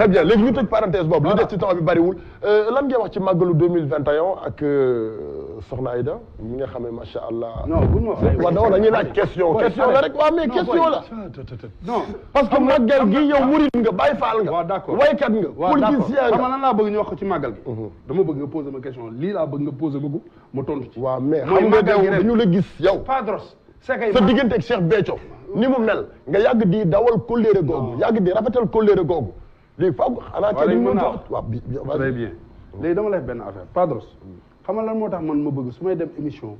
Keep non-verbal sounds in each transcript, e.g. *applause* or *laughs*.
très bien léegi ñu tëj parenthèse boobu. li des ci temps bi bariwul. Euh, lan ngay wax ci màggalu deux mille vingt et un ak euh, Soxna Aida mi nga xam ne macha allah. non bu ñu wax non dañuy laaj question. question la rek waaw mais question la. non parce que màggal gi yow murit nga Baay Faal nga. waaw d'accord waykat nga. waaw d'accord politicien nga xam nga lan laa bëgg ñu wax ko ci màggal gi. Mhm. dama bëgg nga poser ma question lii laa bëgg nga poser ma ko ma tontu ci. waaw mais xam nga dañu la gis yow. Padros sa diggante ak Cheikh Béthio ni mu mel nga yàgg di dawal kóllëre googu yàgg di rafetal kóllëre googu léegi faaw xanaa ca dañu mën a waaw bi léegi dama lay benn affaire Padros xam nga lan moo tax man ma bëgg su may dem émission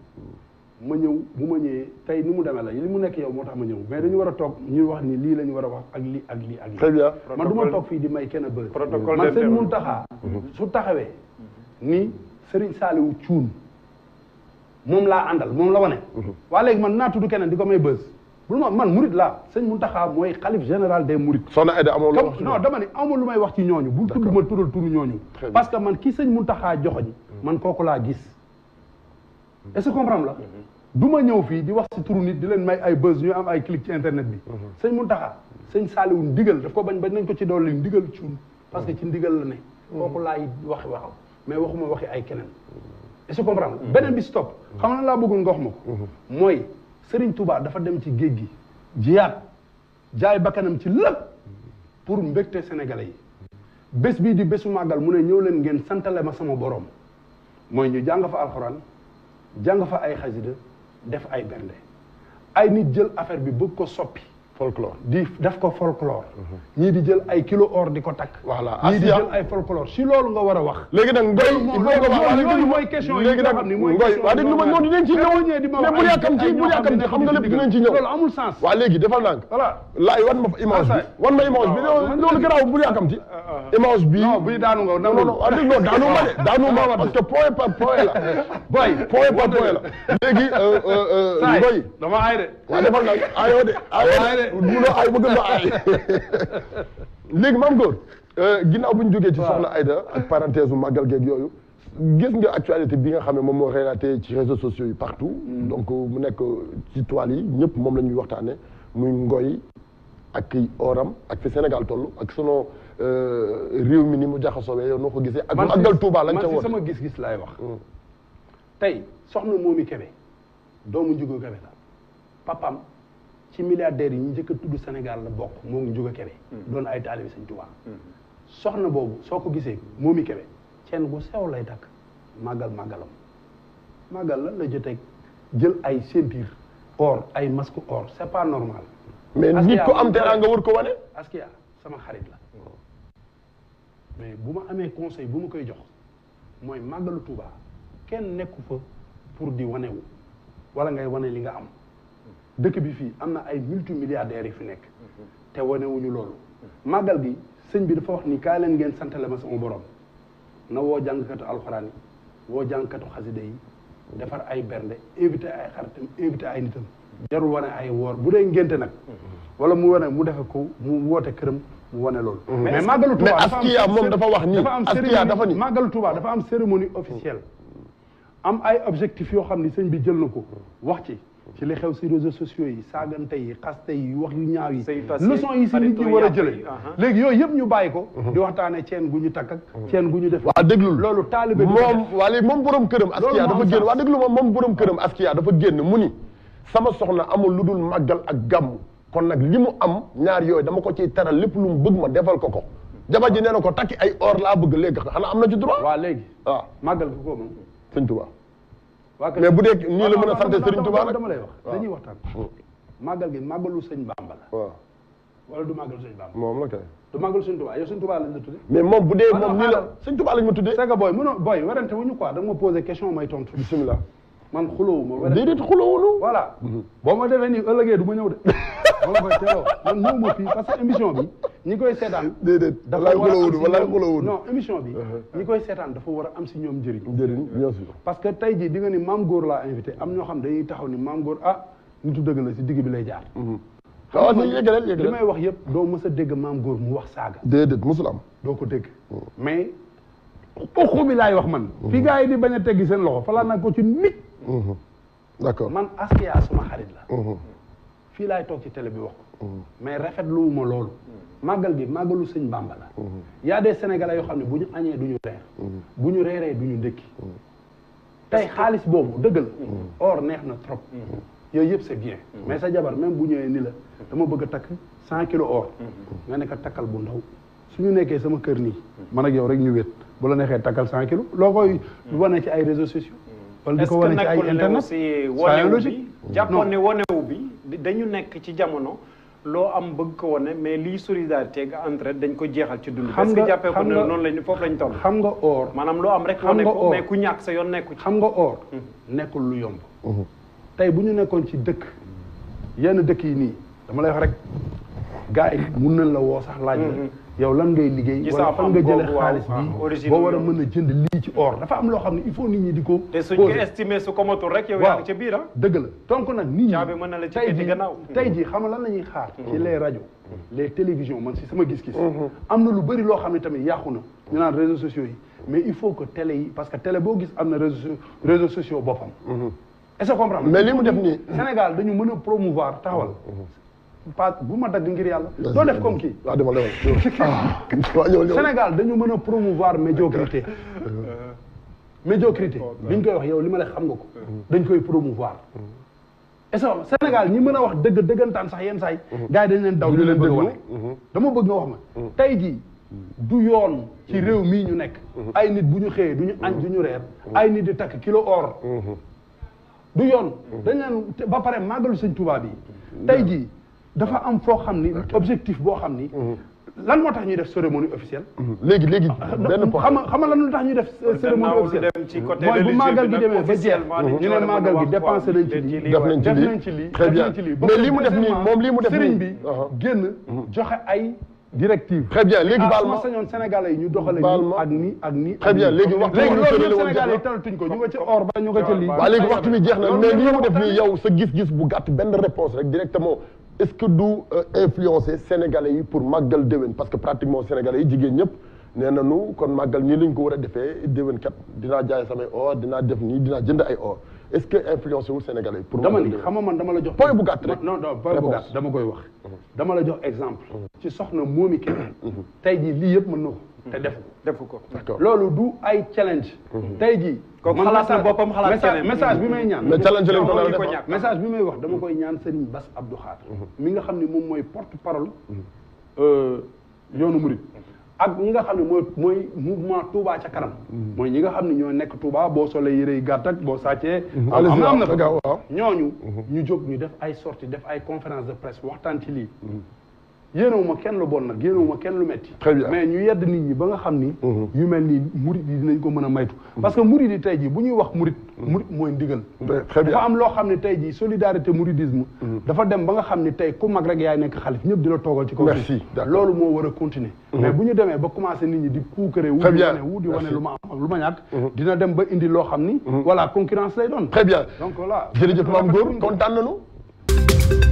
ma ñëw bu ma ñëwee tey ni mu demee la li mu nekk yow moo tax ma ñëw mais dañu war a toog ñu wax ni lii la war a wax ak lii ak lii ak lii très bien man du ma toog fii di may kenn bëri protocole man seen mun taxaa su taxawee ni sëriñ Saliou Thioune moom laa àndal moom la wane mhm. waa léegi man naa tudd keneen di ko may bës man man Mouride laa sëñ Mountakha mooy xalif général des Mourides. soxna Aida amoo loo wax non dama lu may wax ci ñooñu. bul tudd ma tuddal turu ñooñu. parce que man ki sëñ Mountakha joxoñ hmm. man kooku laa gis. Hmm. est la. Hmm. du ma ñëw fii di wax si turu nit di leen may ay buzz ñu am ay clic ci internet bi. sëñ Mountakha sëñ Saliou ndigal daf ko bañ bañ nañ ko ci dolli ndigal cuun parce que ci ndigal la ne. kooku laay wax waxam mais waxuma waxi ay keneen. est-ce que comprendre beneen bi si topp. xam na laa bëgg nga wax ma ko. mooy Serigne Touba dafa dem ci géej gi jiyaat jaay bakkanam ci lépp pour mbégte sénégalais yi bés bii di bésu màggal mu ne ñëw leen ngeen santale ma sama boroom mooy ñu jàng fa alxuraan jàng fa ay xasida def ay bernde ay nit jël affaire bi bëgg ko soppi folklore di def ko folklore. Mhm. ñii di jël ay kilo or di ko takk. voilà ñii di jël ay folklore si loolu nga war a wax. léegi nag ngoy loolu mooy question yi nga xam ne mooy question waaw dégg nga noonu dinañ ci ñëw mais bu yàkkam ci bu yàkkam ci xam nga lépp dinañ ci ñëw loolu amul sens. waaw léegi defal naa voilà laay wan ma image bi wan ma image bi loolu garaaw bu yàkkam ci image bi non buy daanu nga non non dégg nga daanu ma de daanu ma parce que point par point la boy point par point la léegi euh, euh, euh, ngoy dama ay de waaw defal naa ayoo de ayoo de mënoo aay bëgg na aay léegi maam góor euh, ginnaaw bu ñu jógee ci soxna Aida ak parenthèse bu màggal geeg yooyu gis nga actualité bi nga xam ne moom moo relaté ci réseaux sociaux yi partout mm. donc euh, mu nekk ci toile yi ñëpp moom lañuy ñuy waxtaane muy ngoy ak oram ak fi Sénégal toll ak sunu euh, réew mi ni mu jaxasoowee yow noo ko gisee ak màggal Touba lañ ca woon man sama gis-gis laay wax mm. tey soxna Momi Kébé doomu Njugo la ci milliardaires yi ñu njëkk a tudd Sénégal la bokk moom Ndiouga Kébé mm. doon ay taalibe Sëñ Tuubaa mm. soxna boobu soo ko gisee moom i Kébé ceen bu sew lay takk màggal màggalam màggal la la jotee jël ay ceinture or ay masque or c'est pas normal mais nit ko am dara nga war ko wane Askia sama xarit la mm. mais bu ma amee conseil bu ma koy jox mooy màggalu Tuubaa kenn nekku fa pour di wanewu walla ngay wane li nga am dëkk bi fii am na ay multimilliardaires yi fi nekk te wanewuñu loolu màggal gi sëñ bi dafa wax ni kaa leen ngeen santale ma sama borom na woo jàngkatu alxuraan yi woo jàngkatu xasida yi defar ay bernde invité ay xaritam invité ay nitam jarul wane ay woor bu dee ngénte nag wala mu wane mu defe ko mu woote këram mu wane loolu mais màggalu Tuuba moom dafa wax nii dafa am Askia dafa ni màggalu Tuuba dafa am cérémonie officielle am ay objectif yoo xam ni sëñ bi jël na ko wax ci ci li xew si réseaux sociaux yi saagante yi xaste yi wax yu ñaaw yi leçon yi si nit ñi war a jëlee uh-huh. léegi yooyu yëpp ñu bàyyi ko uh-huh. di waxtaane ceen gu ñu takk ak ceen gu ñu def waa déglul loolu taalibe moom waa léegi moom borom këram askiya dafa génn waa déglu moom moom borom këram askiya dafa génn mu ni sama soxna amul lu dul màggal ak gàmmu kon nag li mu am ñaar yooyu dama ko ci teral lépp lu mu bëgg ma defal ko ko jabar ji nee na ko takki ay or laa bëgg léegi xanaa am na ci droit waa léegi waaw ah. màggal ko ko moom sëñ Tuubaa mais bu dee nii la mën a sant Serigne Touba nag dama lay wax dañuy waxtaan hmm. màggal gi màggalu sëñ Bamba la waaw wala du màggalu sëñ Bamba moom la kay du màggalu sëñ Touba yow sëñ Touba lañ la tuddee mais moom bu dee moom nii la sëñ Touba lañ ma tuddee c'est que booy mënoo booy werante wuñu quoi da nga ma posé question may tontu bismillah man xulóowu ma déedéet xulóowulu voilà hmm. boo ma defee nii ëllëgee du ma ñëw de *laughs* moom mooy teeloo man ñëw parce que émission bi ñi koy seetaan. déedéet walaay xulawul walaay xulawul émission bi. Uh-huh. ñi koy seetaan dafa war a am si ñoom njëriñ. njëriñ bien sûr. parce que tey jii di nga ni maam góor laa invité am ñoo xam dañuy taxaw ni maam góor ah nitu dëgg na si digg bi lay jaar. waaw ñu yëgaleel yëgaleel li may wax yëpp doo mës a dégg maam góor mu wax saaga. déedéet la am. doo ko dégg uh-huh. mais uxu bi laay wax man. Uh-huh. fi gars yi di bañ a teggi seen loxo falaa nag ko ci nit. man Askia suma xarit la. fii laay toog ci télé bi wax ko mm-hmm. mais rafetluwuma loolu mm-hmm. màggal gi màggalu sëñ Bàmba la mm-hmm. y a des yoo xam ne bu ñu añee du ñu reer bu ñu reeree du ñu ndékki tey xaalis boobu dëggal or neex na trop yooyu yëpp c'est bien mais sa jabar même bu ñëwee ni la dama bëgg a takk cent kilo or nga ne ko takkal bu ndaw su ñu nekkee sama kër nii man ak yow rek ñu wét bu la neexee takkal cent kilo loo koy wane ci ay réseaux sociaux wala di ko wane ci ay internet est-ce que nekkul ne aussi jàppoon ne wonewu bi dañu nekk ci jamono loo am bëgg ko wane mais lii solidarité ga entraide dañ ko jeexal ci dund. xam nga jàppee ko ne noonu lañ foofu lañ toll. xam nga or maanaam loo am rek. xam nga or mais ku ñàkk sa yoon nekku ci. xam nga or hmm. nekkul lu yomb. Hmm. tey bu ñu nekkoon ci dëkk yenn dëkk yi nii dama lay wax rek gars yi mun nañ la woo sax laaj la. Hmm, yow lan ngay liggéey wala fan nga jëlee xaalis bi boo war a mën a jënd lii ci or dafa am loo xam ne il faut nit ñi di ko te suñ ko estimé su ko matul rek yow yaa ca biir ah. dëgg la donc nag nit ñi na la tey jii xam nga lan la ñuy xaar ci mm-hmm. les rajo les télévisions man si sama gis-gis mm-hmm. am na lu bëri loo xam ne tamit yàqu na ñu naan réseaux sociaux yi mais il faut que télé yi parce que télé boo gis am na réseaux réseaux sociaux boppam mm-hmm. est-ce que comprendre mais li mu def nii Sénégal dañu mën a promouvoir pas bu ma dagg ngir yàlla. doo def comme kii. Ah, *laughs* waaw dama lewal Sénégal dañu mën a promouvoir médiocrité. *laughs* Euh. médiocrité oh, bi koy wax yow li ma la xam nga ko. Euh. dañ koy promouvoir. et euh. Sénégal ñi mën a wax dëgg dëggantaan sax yenn saa yi. gars dañ leen daw ñu leen bëgg wane. dama bëgg nga wax ma. tey ji du yoon ci réew mii ñu nekk. ay nit bu ñu xëyee du ñu añ du ñu reer. ay nit di takk kilo or. du yoon. dañ leen ba pare màggalu sëñ Tuubaa yi tey jii. dafa am foo xam ni objectif boo xam ni. Mhm. lan moo tax ñuy def cérémonie officielle. Mhm. léegi léegi ah, ah, benn point xam xam lan moo tax def cérémonie officielle mooy bu ñu ci lii def nañ ci lii def nañ ci mu def nii moom lii mu def nii sëriñ uh-huh. mhm. joxe ay directive très bien léegi ah, baal ma sañoon sénégalais ñu doxale nii ak nii ak nii très ko ñu nga ci or léegi waxtu bi jeex na mais lii mu def nii yow sa gis-gis bu gàtt benn réponse rek directement est-ce que du euh, influencer sénégalais yi pour màggal déwén parce que pratiquement sénégalais yi jigéen ñëpp nee nañu kon màggal nii lañ ko war a defee déwén kat dinaa jaay samay or dinaa def nii dinaa jënd ay or est-ce que influencer wul sénégalais yi. pour dama ni xam nga man dama la jox. point bu gàtt rek non non dama koy wax. Mhm. dama la jox exemple. Mhm. ci soxna Momy Kébé. Mhm. tey jii lii yëpp mën na te mhm. def ko def ko loolu du ay challenge. Mhm. tey jii. kooku xalaat na boppam xalaat keneen message bi may mhm. ñaan. mais challenge lañ ko ñàkk message bi may wax dama koy ñaan Serigne Bass Abdou Khadre. mi nga xam ne moom mooy porte parole. Euh, yoonu Mouride. ak ñi nga xam ne mooy mooy mouvement Touba ca kanam. mooy ñi nga xam ne ñoo nekk Touba boo solee yére yi gàtt ak boo sàccee. am na am na fa ñooñu. ñu jóg ñu def ay sorties def ay conférence de presse waxtaan ci lii. yéenewuma kenn lu bon nag yéenewuma kenn lu metti mais ñu yedd nit ñi ba nga xam ni mhm. yu mel nii murit yi dinañ ko mën a maytu mhm. parce que murit yi tey jii bu ñuy wax murit mhm. murit mooy ndigal dafa am loo xam ne tey jii solidarité mouridisme dafa dem ba nga xam ne tey ku mag rek yaay nekk xalif ñëpp dina la toogal ci kaw loolu moo war a continuer mais bu ñu demee ba commencé nit ñi di puukare wu di wane wu di wane lu ma am ak lu ma ñàkk dina dem ba indi loo xam ni voilà concurrence lay doon très bien donc voilà jërëjëf maam góor kontaan nañu